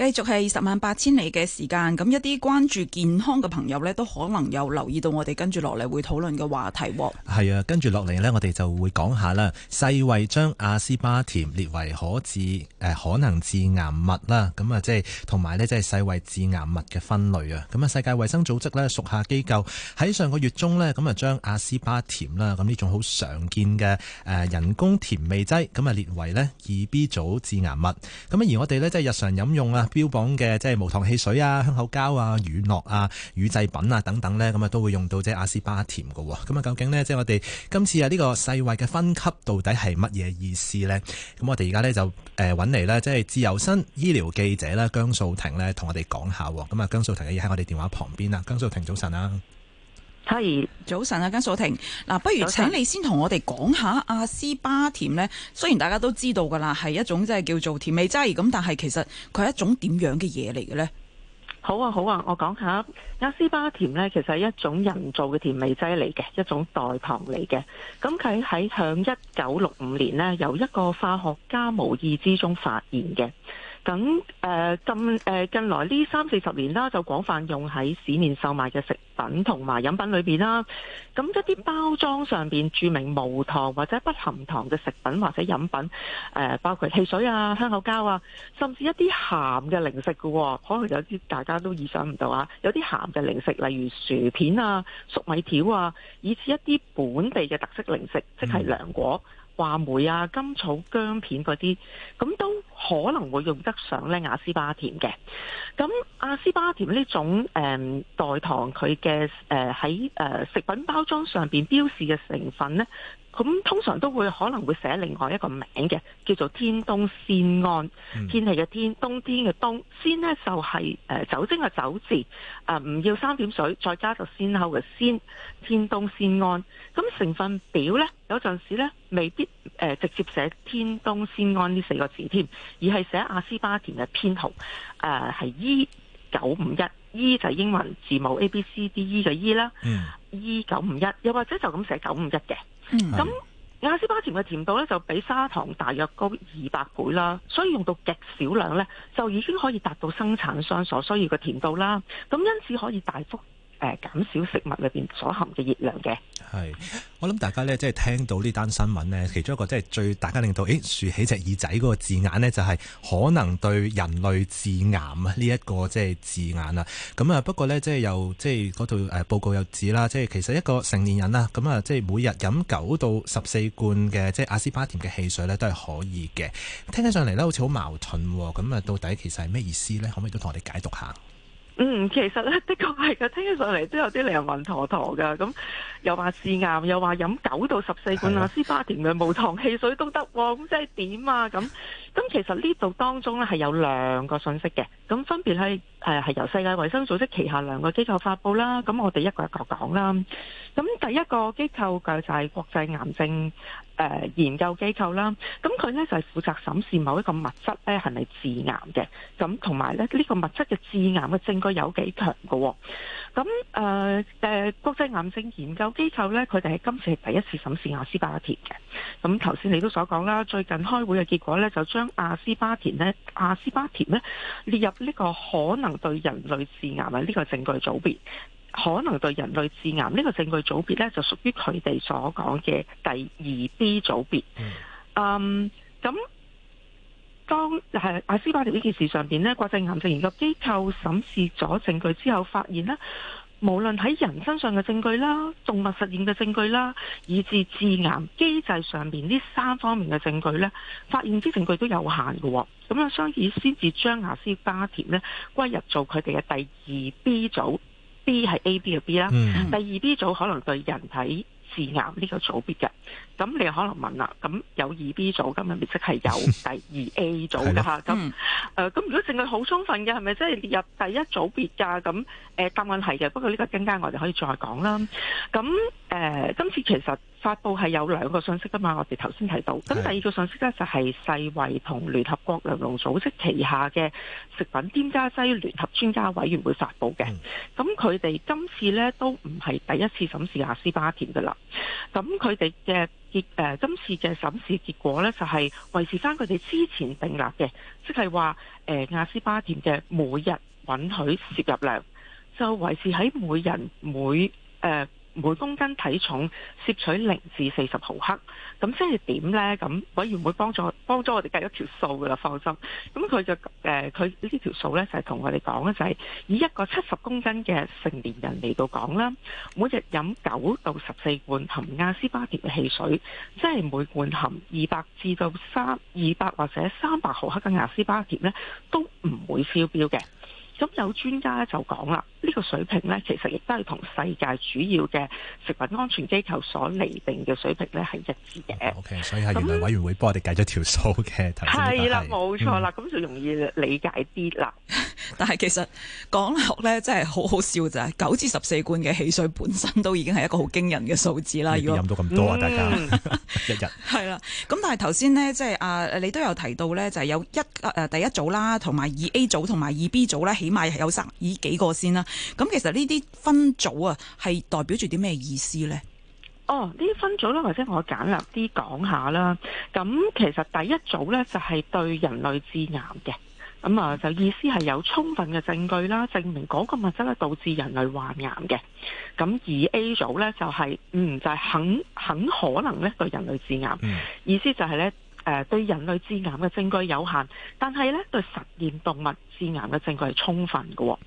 繼續係十萬八千里嘅時間，咁一啲關注健康嘅朋友呢，都可能有留意到我哋跟住落嚟會討論嘅話題喎。係啊，跟住落嚟呢，我哋就會講下啦。世衞將阿斯巴甜列為可致誒、呃、可能致癌物啦。咁啊，即係同埋呢，即係世衞致癌物嘅分類啊。咁啊，世界衞生組織呢，屬下機構喺上個月中呢，咁啊，將阿斯巴甜啦，咁、啊、呢種好常見嘅誒人工甜味劑，咁啊，列為呢二 B 組致癌物。咁、啊、而我哋呢，即係日常飲用啊。標榜嘅即係無糖汽水啊、香口膠啊、乳酪啊、乳製品啊等等咧，咁啊都會用到即係阿斯巴甜嘅喎。咁啊，究竟咧即係我哋今次啊呢個世衞嘅分級到底係乜嘢意思咧？咁我哋而家咧就誒揾嚟咧，即係自由身醫療記者咧，姜素婷咧，同我哋講下喎。咁啊，姜素婷咧喺我哋電話旁邊啊。姜素婷早晨啊！係 Hi 早晨啊，金素婷嗱，不如請你先同我哋講下阿斯巴甜咧。雖然大家都知道噶啦，係一種即係叫做甜味劑咁，但係其實佢係一種點樣嘅嘢嚟嘅咧？好啊，好啊，我講下阿斯巴甜咧，其實係一種人造嘅甜味劑嚟嘅，一種代糖嚟嘅。咁佢喺向一九六五年咧，由一個化學家無意之中發現嘅。咁誒近近來呢三四十年啦，就廣泛用喺市面售賣嘅食品同埋飲品裏面啦。咁一啲包裝上面註明無糖或者不含糖嘅食品或者飲品，誒包括汽水啊、香口膠啊，甚至一啲鹹嘅零食喎。可能有啲大家都意想唔到啊。有啲鹹嘅零食，例如薯片啊、粟米條啊，以至一啲本地嘅特色零食，即係涼果，話梅啊、甘草薑片嗰啲，咁都可能會用得上咧。阿斯巴甜嘅，咁阿斯巴甜呢種誒代糖，佢嘅誒喺誒食品包裝上邊標示嘅成分咧。咁通常都會可能會寫另外一個名嘅，叫做天冬酰胺。天氣嘅天，冬天嘅冬，酰呢、就係，就係誒酒精嘅酒字，唔、呃、要三點水，再加個先後嘅先。天冬酰胺。咁成分表呢，有陣時呢未必、呃、直接寫天冬酰胺呢四個字添，而係寫阿斯巴甜嘅編號，係、呃、E 九五一，E 就係英文字母 A B C D E 嘅、嗯、E 啦，E 九五一，又或者就咁寫九五一嘅。嗯、咁亞斯巴甜嘅甜度咧就比砂糖大約高二百倍啦，所以用到極少量咧就已經可以達到生產商所需要嘅甜度啦。咁因此可以大幅、呃、減少食物裏邊所含嘅熱量嘅。係。我諗大家咧，即係聽到呢單新聞咧，其中一個即係最大家令到，咦、欸、豎起隻耳仔嗰個字眼呢，就係可能對人類致癌呢一個即係字眼啦。咁啊，不過呢，即係又即係嗰度誒報告又指啦，即係其實一個成年人啦，咁啊，即係每日飲九到十四罐嘅即係阿斯巴甜嘅汽水呢，都係可以嘅。聽起上嚟呢，好似好矛盾喎。咁啊，到底其實係咩意思呢？可唔可以都同我哋解讀下？嗯，其實呢，的確係嘅，聽起上嚟都有啲靈魂駝駝㗎。咁。又話致癌，又話飲九到十四罐阿斯巴甜嘅無糖汽水都得，咁即係點啊？咁咁其實呢度當中呢係有兩個信息嘅，咁分別係誒係由世界衞生組織旗下兩個機構發布啦。咁我哋一個一個講啦。咁第一個機構嘅就係國際癌症、呃、研究機構啦。咁佢呢就係、是、負責審視某一個物質呢係咪致癌嘅，咁同埋呢呢、呢個物質嘅致癌嘅證據有幾強喎。咁誒、呃、國際癌症研究機構咧，佢哋係今次係第一次審視阿斯巴甜嘅。咁頭先你都所講啦，最近開會嘅結果咧，就將阿斯巴甜咧、阿斯巴甜咧列入呢個可能對人類致癌嘅呢個證據組別，可能對人類致癌呢個證據組別咧，就屬於佢哋所講嘅第二 B 組別。嗯，咁。Um, 當係阿斯巴甜呢件事上面呢，國際癌症研究機構審視咗證據之後，發現呢無論喺人身上嘅證據啦、動物實驗嘅證據啦，以至致癌機制上面呢三方面嘅證據呢，發現啲證據都有限嘅。咁啊，所以先至將阿斯巴甜呢歸入做佢哋嘅第二 B 組，B 係 A、B 嘅 B 啦、嗯。第二 B 組可能對人體呢個組別嘅，咁你可能問啦，咁有二 B 組，咁咪即係有第二 A 組嘅吓，咁誒 的，咁如果證據好充分嘅，係咪即係列入第一組別噶？咁？呃、答案係嘅，不過呢個更加我哋可以再講啦。咁誒、呃，今次其實發布係有兩個信息噶嘛。我哋頭先睇到咁的第二個信息呢，就係、是、世衞同聯合國糧農組織旗下嘅食品添加劑聯合專家委員會發布嘅。咁佢哋今次呢都唔係第一次審視阿斯巴甜噶啦。咁佢哋嘅結誒、呃、今次嘅審視結果呢，就係、是、維持翻佢哋之前訂立嘅，即係話誒阿斯巴甜嘅每日允許攝入量。就維持喺每人每誒每公斤體重攝取零至四十毫克，咁即係點呢？咁委員會幫助幫咗我哋計咗條數㗎喇，放心。咁佢就誒佢呢條數呢，就係同我哋講呢，就係以一個七十公斤嘅成年人嚟到講啦，每日飲九到十四罐含阿斯巴甜嘅汽水，即係每罐含二百至到三二百或者三百毫克嘅阿斯巴甜呢，都唔會超標嘅。咁有專家咧就講啦，呢、這個水平咧其實亦都係同世界主要嘅食品安全機構所厘定嘅水平咧係一致嘅。Okay, OK，所以係原來委員會幫我哋計咗條數嘅，睇。係啦，冇錯啦，咁、嗯、就容易理解啲啦。但係其實講落咧，真係好好笑，就係九至十四罐嘅汽水本身都已經係一個好驚人嘅數字啦，如果飲到咁多啊！嗯、大家一 日係日啦，咁但係頭先咧，即係啊，你都有提到咧，就係有一誒第一組啦，同埋二 A 組同埋二 B 組咧，起碼係有三以幾個先啦。咁其實呢啲分組啊，係代表住啲咩意思咧？哦，呢啲分組咧，或者我簡略啲講下啦。咁其實第一組咧，就係對人類致癌嘅。咁啊，就意思係有充分嘅證據啦，證明嗰個物質咧，導致人類患癌嘅。咁而 A 組咧，就係、是，嗯，就係、是、很很可能咧，對人類致癌。嗯、意思就係、是、咧，誒、呃、對人類致癌嘅證據有限，但係咧，對實驗動物致癌嘅證據係充分嘅。咁而、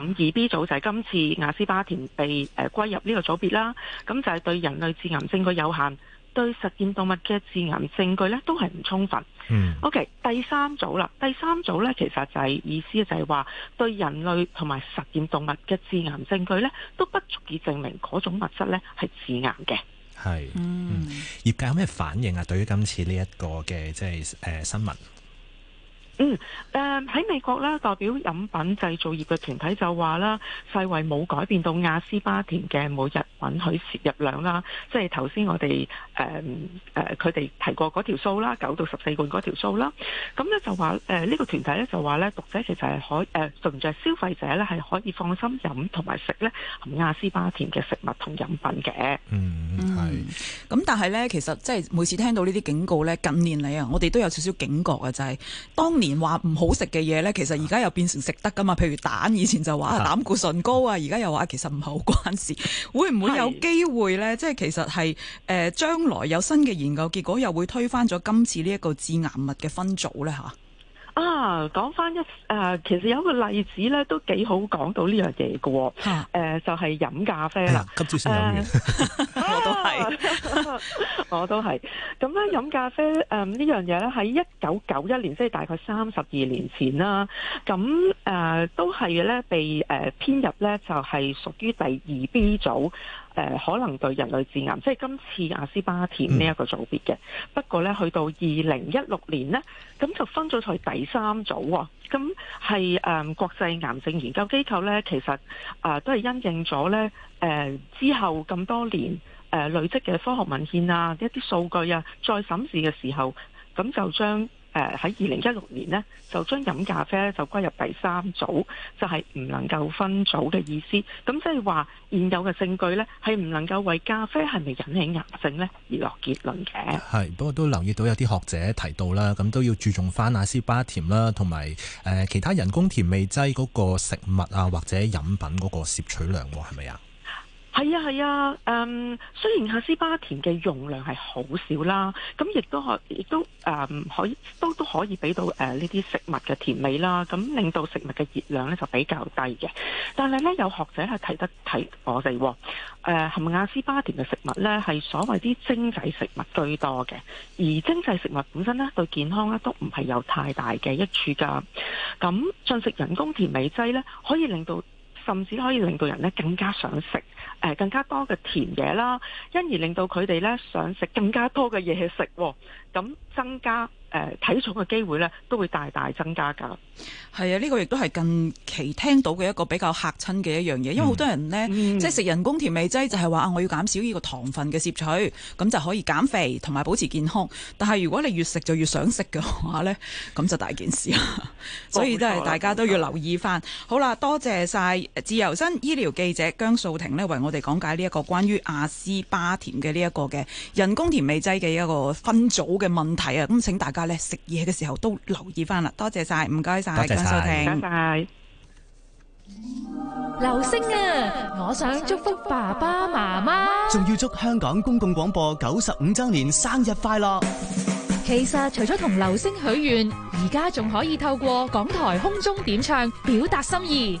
嗯、B 組就係今次阿斯巴甜被誒、呃、歸入呢個組別啦。咁就係對人類致癌證據有限。對實驗動物嘅致癌證據咧，都係唔充分。嗯，OK，第三組啦，第三組咧，其實就係、是、意思就係話，對人類同埋實驗動物嘅致癌證據咧，都不足以證明嗰種物質咧係致癌嘅。係是，嗯，業界有咩反應啊？對於今次呢、這、一個嘅即係誒新聞。嗯，誒，喺美國啦，代表飲品製造業嘅團體就話啦，世衛冇改變到阿斯巴甜嘅每日允許攝入量啦，即係頭先我哋誒誒佢哋提過嗰條數啦，九到十四罐嗰條數啦，咁咧就話誒呢個團體咧就話咧讀者其實係可誒順著消費者咧係可以放心飲同埋食咧阿斯巴甜嘅食物同飲品嘅。嗯，係咁、嗯、但係咧，其實即係每次聽到呢啲警告咧，近年嚟啊，我哋都有少少警覺啊，就係、是、當年。話唔好食嘅嘢呢，其實而家又變成食得噶嘛。譬如蛋，以前就話膽固醇高啊，而家又話其實唔係好關事。會唔會有機會呢？的即係其實係誒，將、呃、來有新嘅研究結果，又會推翻咗今次呢一個致癌物嘅分組呢？吓啊，講翻一誒、呃，其實有一個例子呢，都幾好講到呢樣嘢噶。誒、啊呃，就係、是、飲咖啡啦。哎 係， 我都係咁咧。飲咖啡誒、呃、呢樣嘢咧，喺一九九一年，即、就、係、是、大概三十二年前啦。咁誒、呃、都係咧被誒編、呃、入咧，就係屬於第二 B 組誒、呃，可能對人類致癌，即、就、係、是、今次阿斯巴甜呢一個組別嘅。嗯、不過咧，去到二零一六年咧，咁就分咗佢第三組、哦。咁係誒國際癌症研究機構咧，其實誒、呃、都係因應咗咧誒之後咁多年。誒、呃、累積嘅科學文獻啊，一啲數據啊，再審視嘅時候，咁就將誒喺二零一六年呢，就將飲咖啡就歸入第三組，就係、是、唔能夠分組嘅意思。咁即係話現有嘅證據呢，係唔能夠為咖啡係咪引起癌症呢，而落結論嘅。係，不過都留意到有啲學者提到啦，咁都要注重翻阿斯巴甜啦，同埋誒其他人工甜味劑嗰個食物啊或者飲品嗰個攝取量，係咪啊？係啊係啊，嗯，雖然阿斯巴甜嘅用量係好少啦，咁亦都可，亦都誒、嗯，可以都都可以俾到誒呢啲食物嘅甜味啦，咁令到食物嘅熱量咧就比較低嘅。但係咧有學者係睇得睇我哋，誒、呃，含阿斯巴甜嘅食物咧係所謂啲精製食物居多嘅，而精製食物本身咧對健康咧都唔係有太大嘅益處噶。咁進食人工甜味劑咧可以令到甚至可以令到人咧更加想食，誒，更加多嘅甜嘢啦，因而令到佢哋咧想食更加多嘅嘢去食。咁增加誒、呃、體重嘅機會咧，都會大大增加㗎。係啊，呢、呢個亦都係近期聽到嘅一個比較嚇親嘅一樣嘢，嗯、因為好多人呢，即係食人工甜味劑就係話啊，我要減少呢個糖分嘅攝取，咁就可以減肥同埋保持健康。但係如果你越食就越想食嘅話呢，咁就大件事啦。 所以都係大家都要留意翻。好啦，多謝晒自由身醫療記者姜素婷呢，為我哋講解呢一個關於阿斯巴甜嘅呢一個嘅人工甜味劑嘅一個分組嘅問題啊，咁請大家咧食嘢嘅時候都留意翻啦，多謝曬，唔該曬，姜素婷，多謝收聽，拜拜。流星啊，我想祝福爸爸媽媽，仲要祝香港公共廣播九十五週年生日快樂。其實除咗同流星許願，而家仲可以透過港台空中點唱表達心意。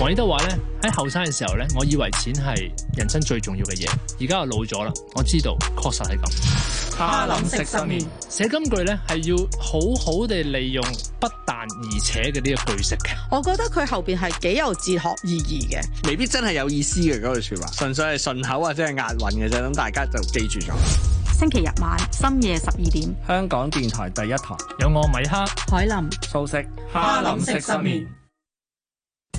王爾德話咧喺後生嘅時候咧，我以為錢係人生最重要嘅嘢，而家我老咗啦，我知道確實係咁。花林食失眠寫金句咧係要好好地利用不但而且嘅呢個句式嘅，我覺得佢後邊係幾有哲學意義嘅，義未必真係有意思嘅嗰句說話，純粹係順口啊，即係押韻嘅啫，咁大家就記住咗。星期日晚深夜十二點，香港電台第一台有我米克、海林、素食、花林食失眠。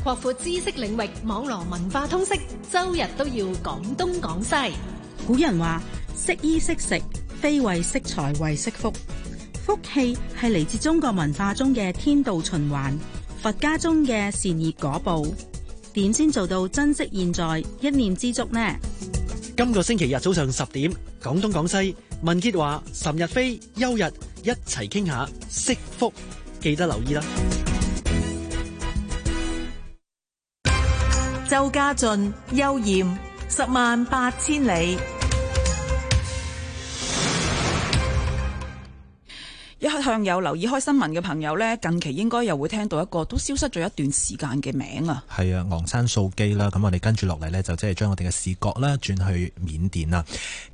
擴闊知識領域，網羅文化通識，周日都要講東講西。古人話：惜衣惜食，非為惜財，為惜福。福氣係嚟自中國文化中嘅天道循環，佛家中嘅善業果報。點先做到珍惜現在，一念知足呢？今個星期日早上十點，講東講西。文潔華、岑逸飛，休日一齊傾下，惜福，記得留意啦。又家俊、邱賢，十萬八千里。一向有留意開新聞嘅朋友呢，近期應該又會聽到一個都消失咗一段時間嘅名啊。係啊，昂山素姬啦。咁我哋跟住落嚟呢，就即係將我哋嘅視角啦，轉去緬甸啦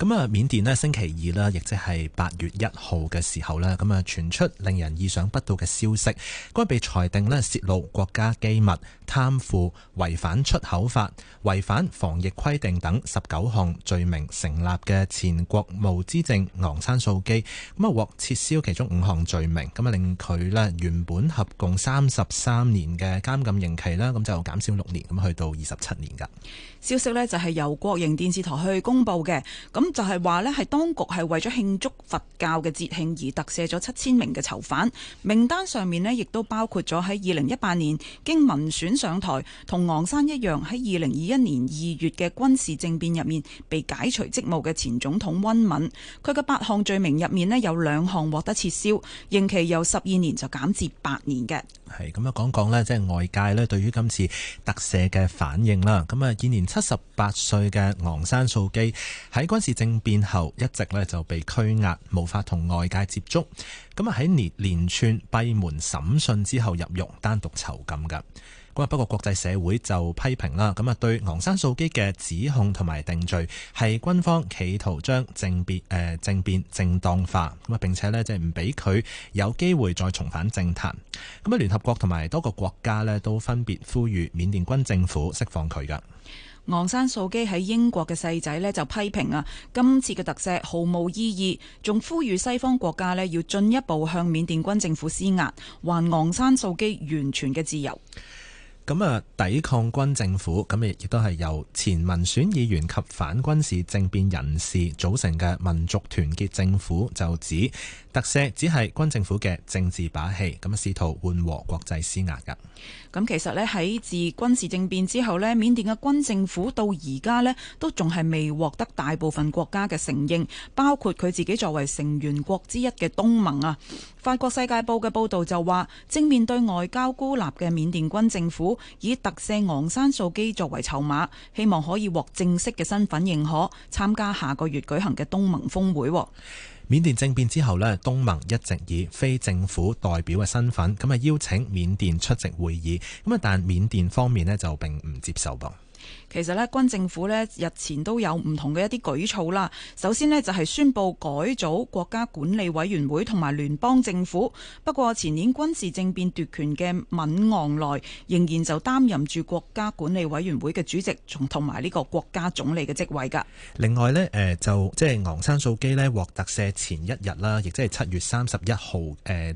咁啊，緬甸咧星期二啦，亦即係八月一號嘅時候咧，咁啊傳出令人意想不到嘅消息，該被裁定咧洩露國家機密、貪腐、違反出口法、違反防疫規定等十九項罪名成立嘅前國務資政昂山素姬，咁啊獲撤銷其中五項罪名，咁啊令佢咧原本合共三十三年嘅監禁刑期啦，咁就減少六年，咁去到二十七年噶。消息咧就係由國營電視台去公布嘅，咁。就係話呢係當局係為咗慶祝佛教嘅節慶而特赦咗七千名嘅囚犯，名單上面呢，亦都包括咗喺二零一八年經民選上台，同昂山一樣喺二零二一年二月嘅軍事政變入面被解除職務嘅前總統温敏。佢嘅八項罪名入面呢，有兩項獲得撤銷，刑期由十二年就減至八年嘅。係咁啊，講講呢，即係外界呢對於今次特赦嘅反應啦。咁啊，現年七十八歲嘅昂山素姬喺軍事政變後一直咧就被拘押，無法同外界接觸。咁啊喺連連串閉門審訊之後入獄，單獨囚禁嘅。咁啊不過國際社會就批評啦，咁啊對昂山素姬嘅指控同埋定罪係軍方企圖將政變誒、呃、政變正當化，咁啊並且咧即係唔俾佢有機會再重返政壇。咁啊聯合國同埋多個國家咧都分別呼籲緬甸軍政府釋放佢㗎。昂山素姬喺英國嘅細仔呢就批評啊，今次嘅特赦毫無意義，仲呼籲西方國家呢要進一步向緬甸軍政府施壓，還昂山素姬完全嘅自由。咁啊，抵抗軍政府咁亦亦都係由前民選議員及反軍事政變人士組成嘅民族團結政府就指特赦只係軍政府嘅政治把戲，咁啊試圖緩和國際施壓㗎。咁其實呢，喺自軍事政變之後呢，緬甸嘅軍政府到而家呢，都仲係未獲得大部分國家嘅承認，包括佢自己作為成員國之一嘅東盟啊。法國世界報嘅報導就話，正面對外交孤立嘅緬甸軍政府，以特赦昂山素姬作為籌碼，希望可以獲正式嘅身份認可，參加下個月舉行嘅東盟峰會。緬甸政變之後呢，東盟一直以非政府代表嘅身份咁啊邀請緬甸出席會議，咁啊但係緬甸方面呢就並唔接受噃。其實咧，軍政府咧日前都有唔同嘅一啲舉措啦。首先呢，就係、是、宣布改組國家管理委員會同埋聯邦政府。不過前年軍事政變奪權嘅敏昂萊仍然就擔任住國家管理委員會嘅主席，同同埋呢個國家總理嘅職位㗎。另外呢，呃、就即係、就是、昂山素姬呢獲特赦前一日啦，亦即係七月三十一號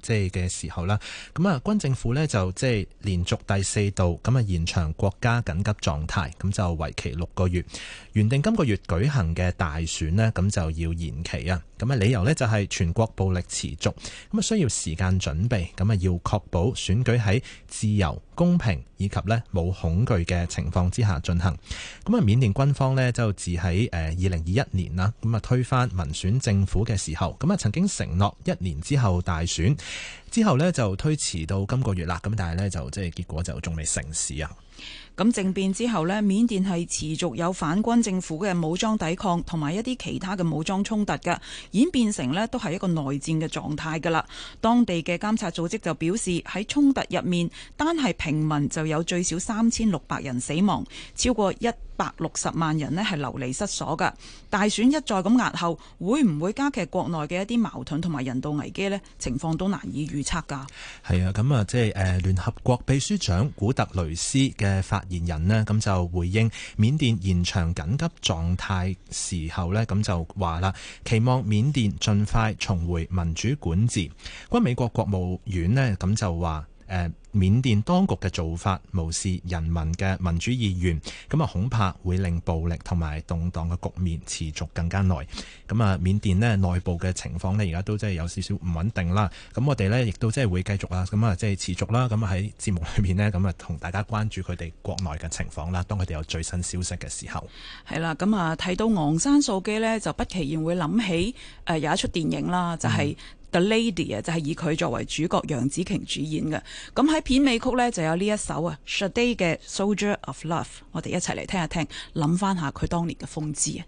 即係嘅時候啦。咁、嗯、啊，軍政府呢，就即係連續第四度咁啊、嗯、延長國家緊急狀態，咁、嗯、就。就為期六個月，原定今個月舉行嘅大選呢，咁就要延期啊！咁啊，理由呢，就係全國暴力持續，咁啊需要時間準備，咁啊要確保選舉喺自由、公平以及呢冇恐懼嘅情況之下進行。咁啊，緬甸軍方呢，就自喺誒二零二一年啦，咁啊推翻民選政府嘅時候，咁啊曾經承諾一年之後大選，之後呢就推遲到今個月啦，咁但係呢，就即係結果就仲未成事啊。咁政變之後呢，緬甸係持續有反軍政府嘅武裝抵抗，同埋一啲其他嘅武裝衝突㗎。演變成呢都係一個內戰嘅狀態噶啦。當地嘅監察組織就表示，喺衝突入面，單係平民就有最少三千六百人死亡，超過一百六十萬人呢係流離失所噶。大選一再咁押後，會唔會加劇國內嘅一啲矛盾同埋人道危機呢？情況都難以預測㗎。係啊，咁啊、就是，即係誒聯合國秘書長古特雷斯嘅發。言人呢，咁就回應緬甸延長緊急狀態時候呢，咁就話啦，期望緬甸盡快重回民主管治。關美國國務院呢，咁就話。誒、呃，緬甸當局嘅做法無視人民嘅民主意願，咁啊恐怕會令暴力同埋動盪嘅局面持續更加耐。咁啊，緬甸呢內部嘅情況呢，而家都即係有少少唔穩定啦。咁我哋呢，亦都即係會繼續啊，咁啊即係持續啦。咁啊喺節目裏面呢，咁啊同大家關注佢哋國內嘅情況啦。當佢哋有最新消息嘅時候，係啦。咁啊睇到昂山素姬呢，就不期然會諗起誒有一出電影啦，就係、是嗯。The Lady 啊，就係以佢作為主角，楊紫瓊主演嘅。咁喺片尾曲呢，就有呢一首啊，Sade 嘅 Soldier of Love，我哋一齊嚟聽一聽，諗翻下佢當年嘅風姿啊！